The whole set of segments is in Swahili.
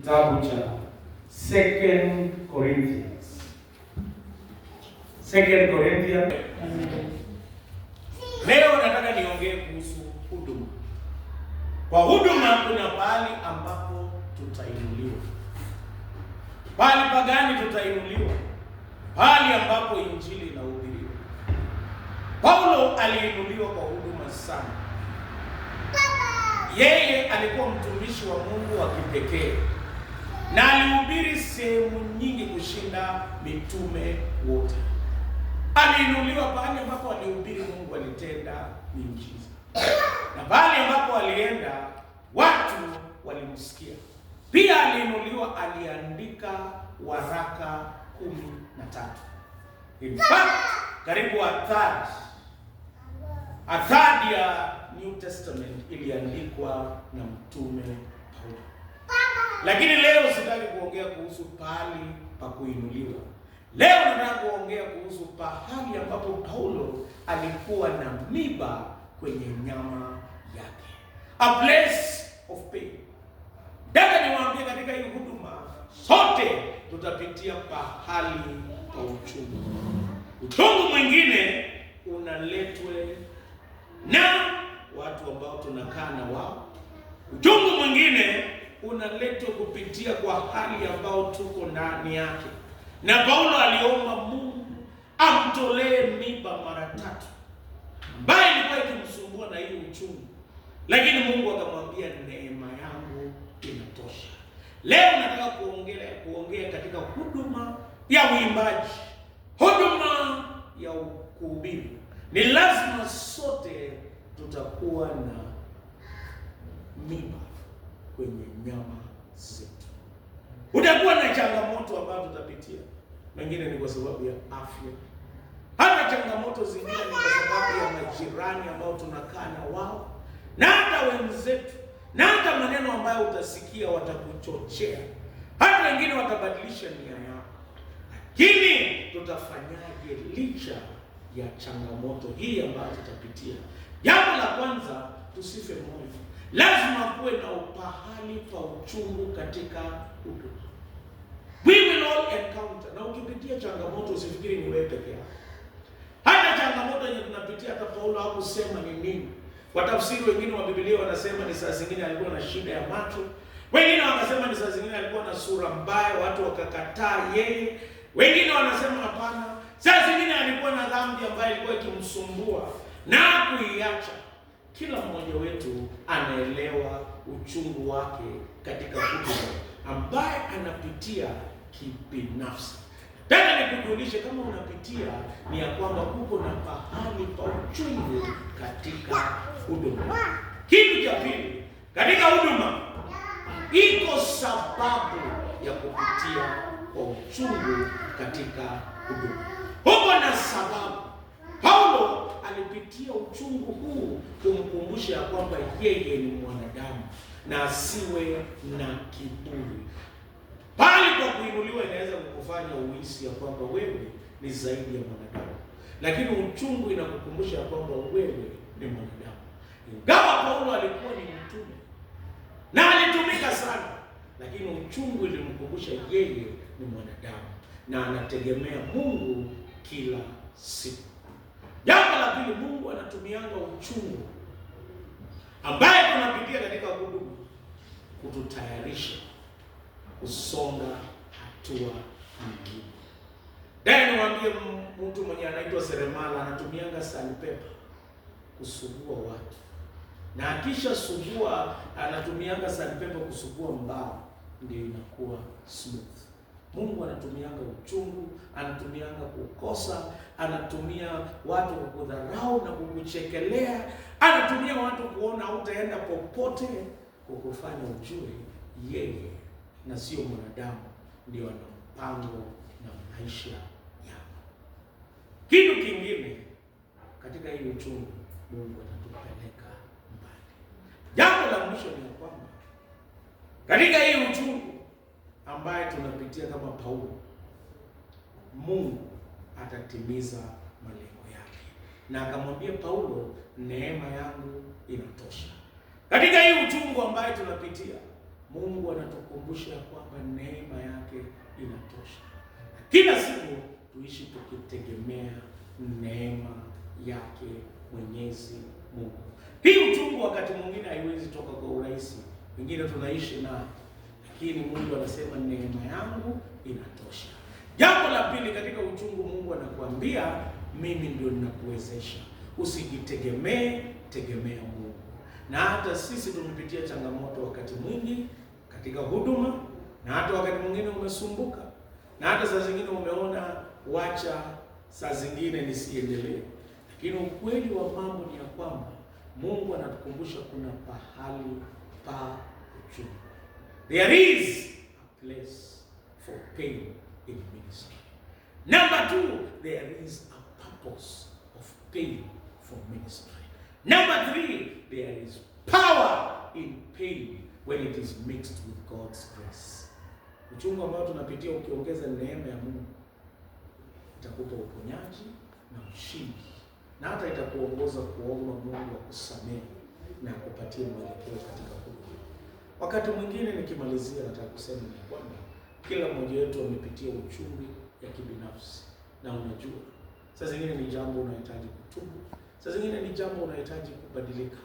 kitabu cha Second Corinthians. Second Corinthians. Leo nataka niongee kuhusu huduma. Kwa huduma kuna pahali ambapo tutainuliwa, pahali pagani tutainuliwa, pahali ambapo injili inahubiriwa. Paulo aliinuliwa kwa huduma sana. Yeye alikuwa mtumishi wa Mungu wa kipekee na alihubiri sehemu nyingi kushinda mitume wote. Aliinuliwa pahali ambapo alihubiri, Mungu alitenda miujiza, na pahali ambapo alienda watu walimsikia. Pia aliinuliwa, aliandika waraka kumi na tatu. In fact, karibu athari athari ya New Testament iliandikwa na mtume Paulo. Lakini leo sitaki kuongea kuhusu pahali pa kuinuliwa. Leo nataka kuongea kuhusu pahali ambapo Paulo alikuwa na miba kwenye nyama yake, a place of pain. Dada, niwaambie katika hii huduma sote tutapitia pahali pa uchungu. Uchungu mwingine unaletwe na watu ambao tunakaa na wao. Uchungu mwingine unaletwa kupitia kwa hali ambayo tuko ndani yake, na Paulo aliomba Mungu amtolee mimba mara tatu ambaye ilikuwa ikimsumbua na hiyo uchungu, lakini Mungu akamwambia neema yangu inatosha. Leo nataka kuongelea kuongea katika huduma ya uimbaji, huduma ya kuhubiri. Ni lazima sote tutakuwa na mimba kwenye nyama zetu. Utakuwa na changamoto ambazo utapitia, wengine ni kwa sababu ya afya, hata changamoto zingine ni kwa sababu ya majirani ambao tunakaa na wao na hata wenzetu, na hata maneno ambayo utasikia watakuchochea, hata wengine watabadilisha nia yao. Lakini tutafanyaje licha ya changamoto hii ambayo tutapitia? Jambo la kwanza, tusife moyo lazima kuwe na upahali pa uchungu katika huduma. We will all encounter. Na ukipitia changamoto usifikiri ni wewe peke yako. Hata changamoto yenye tunapitia hata Paulo hakusema ni nini. Watafsiri wengine wa Biblia wanasema ni saa zingine alikuwa na shida ya macho, wengine wanasema ni saa zingine alikuwa na sura mbaya, watu wakakataa yeye, wengine wanasema hapana, saa zingine alikuwa na dhambi ambayo ilikuwa ikimsumbua na kuiacha kila mmoja wetu anaelewa uchungu wake katika huduma ambaye anapitia kibinafsi. Tena nikujulishe kama unapitia ni ya kwamba uko na pahali pa uchungu katika huduma. Kitu cha pili, katika huduma iko sababu ya kupitia kwa uchungu katika huduma. Huko na sababu. Paulo alipitia uchungu huu tumkumbushe ya kwamba yeye ni mwanadamu na asiwe na kiburi. Pale kwa kuinuliwa inaweza kukufanya uhisi ya kwamba wewe ni zaidi ya mwanadamu, lakini uchungu inakukumbusha ya kwamba wewe ni mwanadamu. Ingawa Paulo alikuwa ni mtume na alitumika sana, lakini uchungu ilimkumbusha yeye ni mwanadamu na anategemea Mungu kila siku. Jambo la pili, Mungu anatumianga uchungu ambaye tunapitia katika huduma kututayarisha kusonga hatua nyingine. daye niwaambie, mtu mwenye anaitwa seremala anatumianga salpepa kusugua watu, na akisha sugua, anatumianga salpepa kusugua mbao, ndio inakuwa smooth. Mungu anatumianga uchungu, anatumianga kukosa, anatumia watu kukudharau na kukuchekelea, anatumia watu kuona utaenda popote, kukufanya ujue yeye na sio mwanadamu ndio ana mpango na maisha yako. Kitu kingine katika hii uchungu, Mungu atatupeleka mbali. Jambo la mwisho ni kwamba katika hii uchungu ambaye tunapitia kama Paulo, Mungu atatimiza malengo yake, na akamwambia Paulo, neema yangu inatosha. Katika hii uchungu ambaye tunapitia, Mungu anatukumbusha kwamba neema yake inatosha. Kila siku tuishi tukitegemea neema yake Mwenyezi Mungu. Hii uchungu wakati mwingine haiwezi toka kwa urahisi, wengine tunaishi na lakini Mungu anasema neema yangu inatosha. Jambo la pili, katika uchungu Mungu anakuambia mimi ndio ninakuwezesha. Usijitegemee, tegemea Mungu. Na hata sisi tumepitia changamoto wakati mwingi katika huduma, na hata wakati mwingine umesumbuka, na hata saa zingine umeona wacha, saa zingine nisiendelee. Lakini ukweli wa mambo ni ya kwamba Mungu anatukumbusha kuna pahali pa uchungu. There is a place for pain in ministry. Number two, there is a purpose of pain for ministry. Number three, there is power in pain when it is mixed with God's grace. Uchungu ambao tunapitia ukiongeza neema ya Mungu itakupa uponyaji na ushindi, na hata itakuongoza kuomba Mungu akusamehe na akupatie mwelekeo katika Wakati mwingine nikimalizia, nataka kusema ni kwamba kila mmoja wetu amepitia uchungu ya kibinafsi, na unajua saa zingine ni jambo unahitaji kutubu, saa zingine ni jambo unahitaji kubadilika,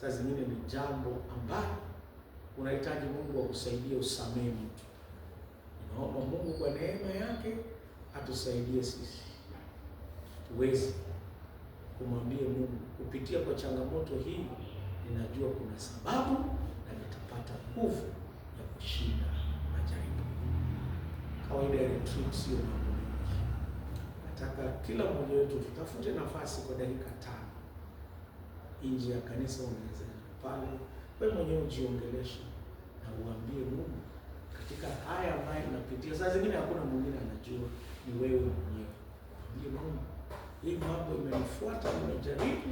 saa zingine ni jambo ambalo unahitaji Mungu akusaidie usamehe mtu. Naomba Mungu kwa neema yake atusaidie sisi tuweze kumwambia Mungu kupitia kwa changamoto hii, ninajua kuna sababu tu sio mambo mengi. Nataka kila mmoja wetu tutafute nafasi kwa dakika tano nje ya kanisa, unaweza pale wewe mwenyewe ujiongeleshe na uambie Mungu katika haya ambayo unapitia. Saa zingine hakuna mwingine anajua, ni wewe mwenyewe. ambie Mungu, hii mambo imenifuata, nimejaribu